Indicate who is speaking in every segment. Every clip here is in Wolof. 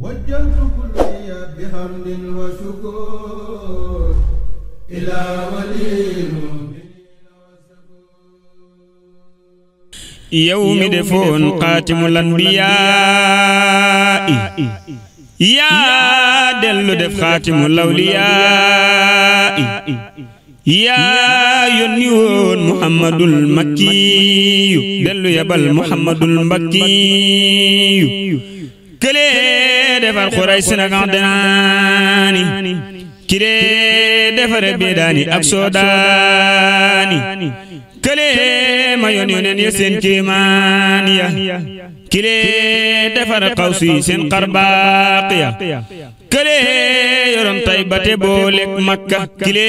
Speaker 1: وجهت كلي بحمد وشكر إلى ولي يوم دفون قاتم الأنبياء يا دل دف خاتم الأولياء يا ينيون محمد المكي دل يبل محمد المكي كلي defar xuray si ma yoon yoneen ya seen kéemaan ya kile defar xawsi seen xarbaaq ya kële yoroon tay bate boolek makka kile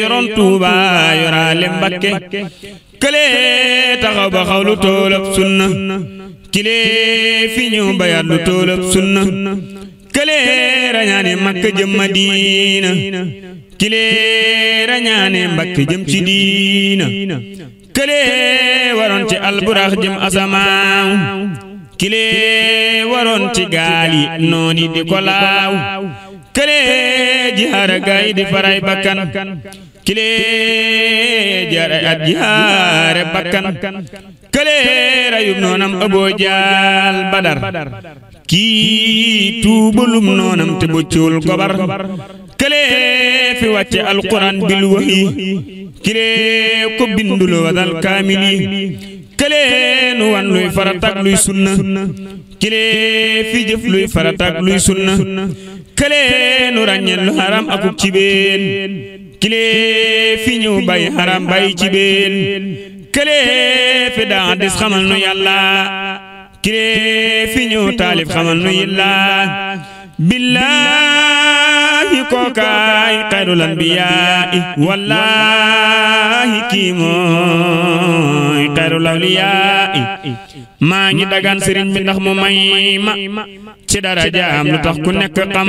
Speaker 1: yoroon tuuba yoraale mbakke kële taxaw ba xawlu toolab sunna kilee fi ñëw bayaat lu toolab sunna këlee rañaane makka jëm madiina kilee rañaane mbakka jëm ci diina këlee waroon ci alburax jëm asamaaw kilee waroon ci gaal yi nooni di ko këlee jihaara gaay di faray bakkan kile jare ab jaare bakkan kële rayub noonam ëboo badar kii tuubalum noonam te bëccul gobar kële fi wàcce alquran bil waxi kile ko bindulu wadal nu wan luy farataak luy sunna kile fi jëf luy farataak luy sunna kële nu ràññeen lu haram akub ci been kilee fi ñu bay haram bay ci been këlee fi xamal nu yàlla kilee fi ñu taalif xamal nu yàlla billaa kookaay xayrul anbiyaa'i wallaahi kii mooy xayrul awliyaa'i maa ngi dagaan sëriñ bi ndax mu may ma ci darajaam lu tax ku nekk xam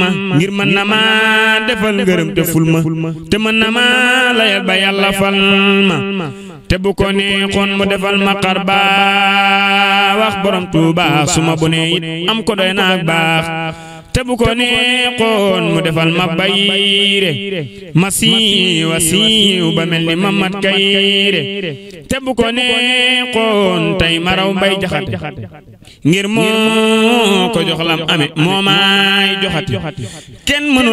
Speaker 1: ma ngir mën na ma defal ngërëm ful ma te mën na ma layal ba yàlla fal ma te bu ko neexoon mu defal ma xar baax borom Tuubaa suma bu ne it am ko doy naag baax te bu ko neexoon mu defal ma bayre ma siiw a siiw ba mel ni mamat kayre te bu ko neexoon tey maraw mbay jaxate ngir moo ko jox lam ame moo maay joxati kenn mënu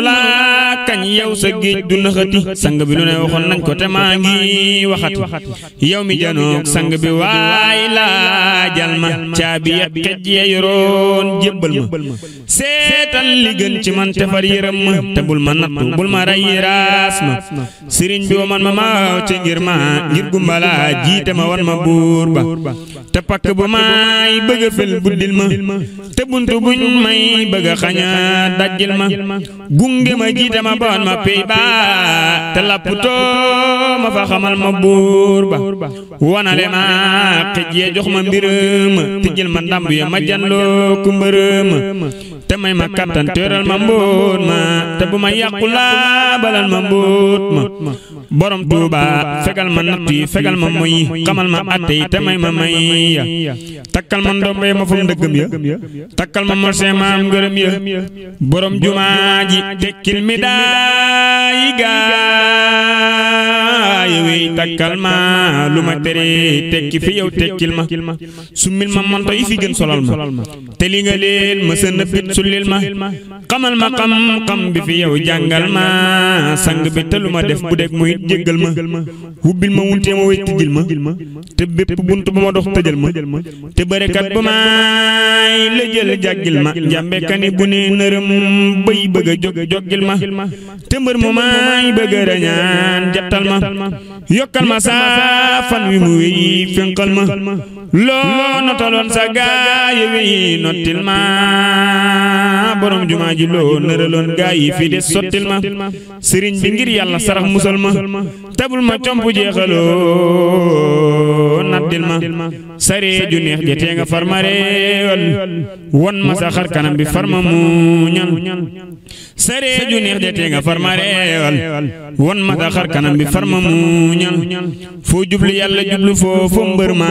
Speaker 1: kañ yow sa géej du nëxati sang bi lu ne waxoon nañ ko te maa ngi waxati yow mi janoog sang bi waay laa jal ma caabi ya xej ya yoroon jébbal ma seetal li gën ci man te far yërëm ma te bul ma nattu bul ma rey raas ma sëriñ bi waman ma maaw ci ngir ma ngir gumbala jiite ma wan ma buur ba te pakk bu maay bëgg fil buddil ma te buntu buñ may bëgg a xaña dajjil ma gunge ma jiite ma bon ma pey ba te lapputoo ma fa xamal ma bur ba wonale ma tejje jox ma mbirum tejjel ma ndam ya ma jallo ku mbërëm te may ma katan teural ma mbur ma te buma ma balal ma mbut ma borom tuuba fegal ma natti fegal ma moy xamal ma atte te may ma may ya ma ndombe ma fum deugum ya takal ma ma am ngërëm ya borom jumaa ji tekkil mi daa yi yewi takal ma lu ma tere tekki fi yow tekkil ma sumil ma man yi fi gën solal ma te li nga leen ma sa nëbbit sulil ma xamal ma xam xam bi fi yow jangal ma sang bi te lu ma def bu dek muy jegal ma hubil ma wunte ma wetti gil ma te bepp buntu ba ma dox tëjal ma te barakat ba maay jël jagil ma jambe kane bu ne nërëm bay bëgg jog jogil ma te mbeur mu may bëgg rañan jattal ma yokkal ma saa fan wi mu wéy fenkal ma loo notaloon sa gaay yi nottil ma borom jumaa ji loo nëraloon gaay yi fi de sottil ma sëriñ bi ngir yàlla sarax musal ma tabul ma comp nattil ma sare junne jete jotee nga wal won ma sa xar kanam bi farma muñal sare junne jete jotee nga wal won ma sa xar kanam bi farma muñal foo jublu yalla jublu fo fo mbeurma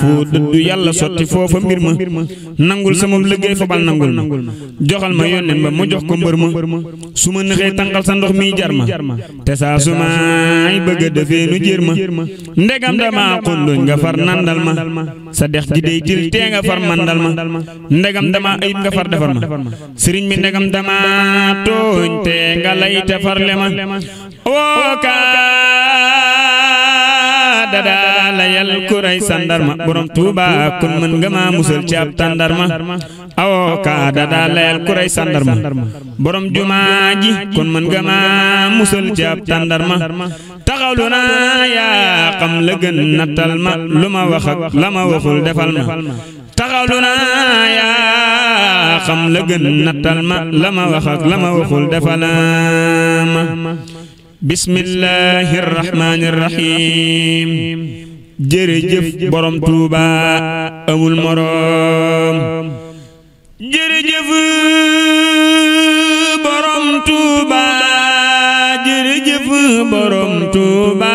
Speaker 1: foo dëddu yalla soti fo fo mbirma nangul sama fo bal nangul joxal ma yonne ma mu jox ko mbeurma ma nexe ma sa ndox mi jarma te sa suma ay beug defenu jirma ndegam nga far mandalma sa dex ji day til tee nga far mandalma ndegam dama ay nga far defar ma sëriñ mi ndegam dama toñ tee nga lay defar le ma woo yàlla yàlla kuray sandarma borom tuba kun mën nga maa Musul ci ab tandarma awoo kaa dadaa layal kuray sandarma borom jumaa ji kun mën nga maa musal ci ab tandarma taxawlu ya qam xam la ma luma ma wax ak la waxul defal ma taxawlu ya qam xam la ma lama wax ak waxul defal ma بسم الله الرحمن الرحيم jërëjëf borom Touba amul moroom jërëjëf borom Touba jërëjëf borom Touba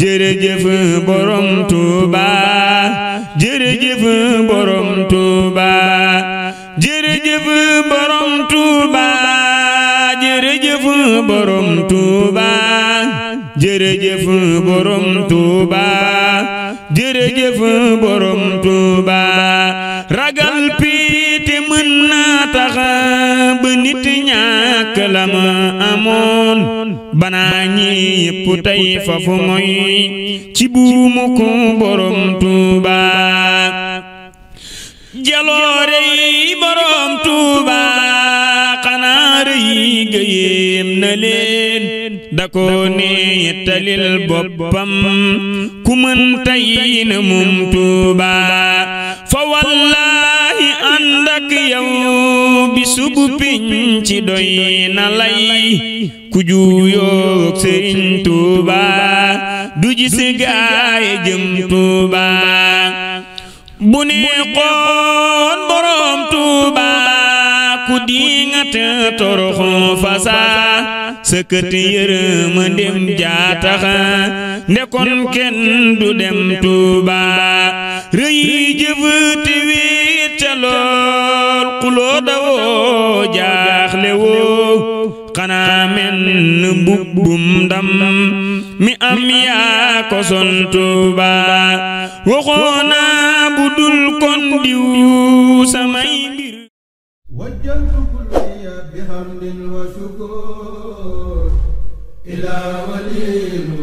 Speaker 1: jërëjëf borom Touba jërëjëf borom Touba jërëjëf borom Touba jërëjëf borom Touba jërëjëf borom Touba jërëjëf borom Touba ragal piite mën naa tax ba nit ñàkk la ma amoon banaa ñi yëpp tey fafu moy ci buumu borom Touba jaloore borom Touba xanaa rëy gëyeem na leen da ko nee talil boppam ku mën tayi na mum tuuba fa wallaahi ànd ak bi subu ci doy na lay ku juuyoog sëriñ tuuba du ji si gaaye jëm tuuba bu ne xoon boroom tuuba dingat toroxu fasa sëkët yërëma dem jaataxa ndekon kenn du dem Tuuba rëy jëf te wéet ca lool jaaxle woo xanaa men mbubbum ndam mi am yaa ko Tuuba waxoona bu dul kon diw samay الجلد كلي بحمد وشكر إلى ولي